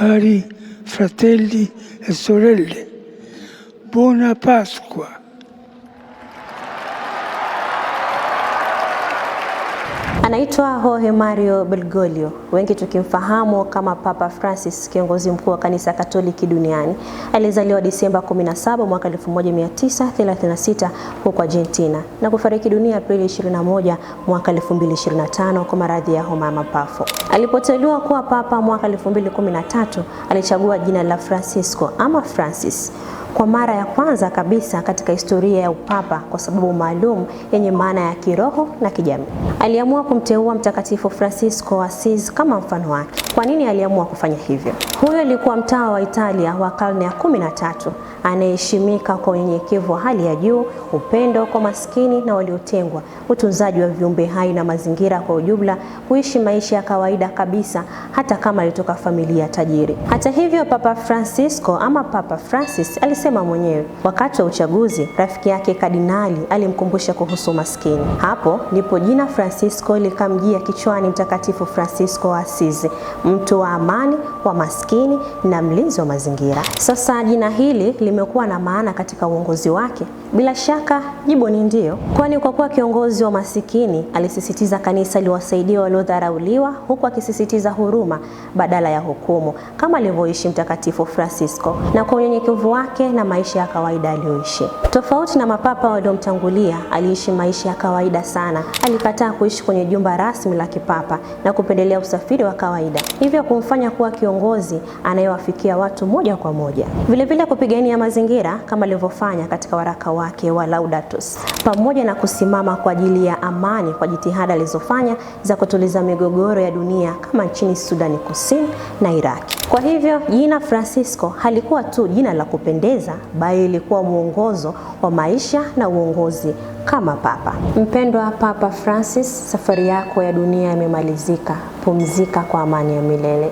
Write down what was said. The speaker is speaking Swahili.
Cari fratelli e sorelle, buona Pasqua. Anaitwa Jorge Mario Bergoglio wengi tukimfahamu kama Papa Francis, kiongozi mkuu wa kanisa Katoliki duniani. Alizaliwa Disemba 17 mwaka 1936 huko Argentina na kufariki dunia Aprili 21 mwaka 2025 kwa maradhi ya homa ya mapafu. Alipoteuliwa kuwa papa mwaka 2013, alichagua jina la Francisco ama Francis kwa mara ya kwanza kabisa katika historia ya upapa kwa sababu maalum yenye maana ya kiroho na kijamii. Aliamua kumteua Mtakatifu Francisco wa kama mfano wake. Kwa nini aliamua kufanya hivyo? Huyo alikuwa mtawa wa Italia wa karne ya kumi na tatu anayeheshimika kwa unyenyekevu wa hali ya juu, upendo kwa maskini na waliotengwa, utunzaji wa viumbe hai na mazingira kwa ujumla, kuishi maisha ya kawaida kabisa, hata kama alitoka familia tajiri. Hata hivyo, Papa Francisco ama Papa Francis alisema mwenyewe wakati wa uchaguzi, rafiki yake kardinali alimkumbusha kuhusu maskini. Hapo ndipo jina Francisco likamjia kichwani Mtakatifu Francisco wa Asizi, mtu wa amani wa maskini na mlinzi wa mazingira. Sasa jina hili limekuwa na maana katika uongozi wake? Bila shaka jibu ni ndio, kwani kwa kuwa kiongozi wa masikini alisisitiza kanisa liwasaidia waliodharauliwa, huku akisisitiza huruma badala ya hukumu, kama alivyoishi Mtakatifu Francisco na kwa unyenyekevu wake na maisha ya kawaida aliyoishi. Tofauti na mapapa waliomtangulia, aliishi maisha ya kawaida sana. Alikataa kuishi kwenye jumba rasmi la kipapa na kupendelea usafiri wa kawaida, hivyo kumfanya kuwa kiongozi anayewafikia watu moja kwa moja. Vilevile kupigania mazingira kama alivyofanya katika waraka wake wa Laudatus, pamoja na kusimama kwa ajili ya amani kwa jitihada alizofanya za kutuliza migogoro ya dunia kama nchini Sudani Kusini na Iraki. Kwa hivyo jina Francisco halikuwa tu jina la kupendeza, bali ilikuwa mwongozo wa maisha na uongozi kama papa. Mpendwa Papa Francis, safari yako ya dunia imemalizika. Pumzika kwa amani ya milele.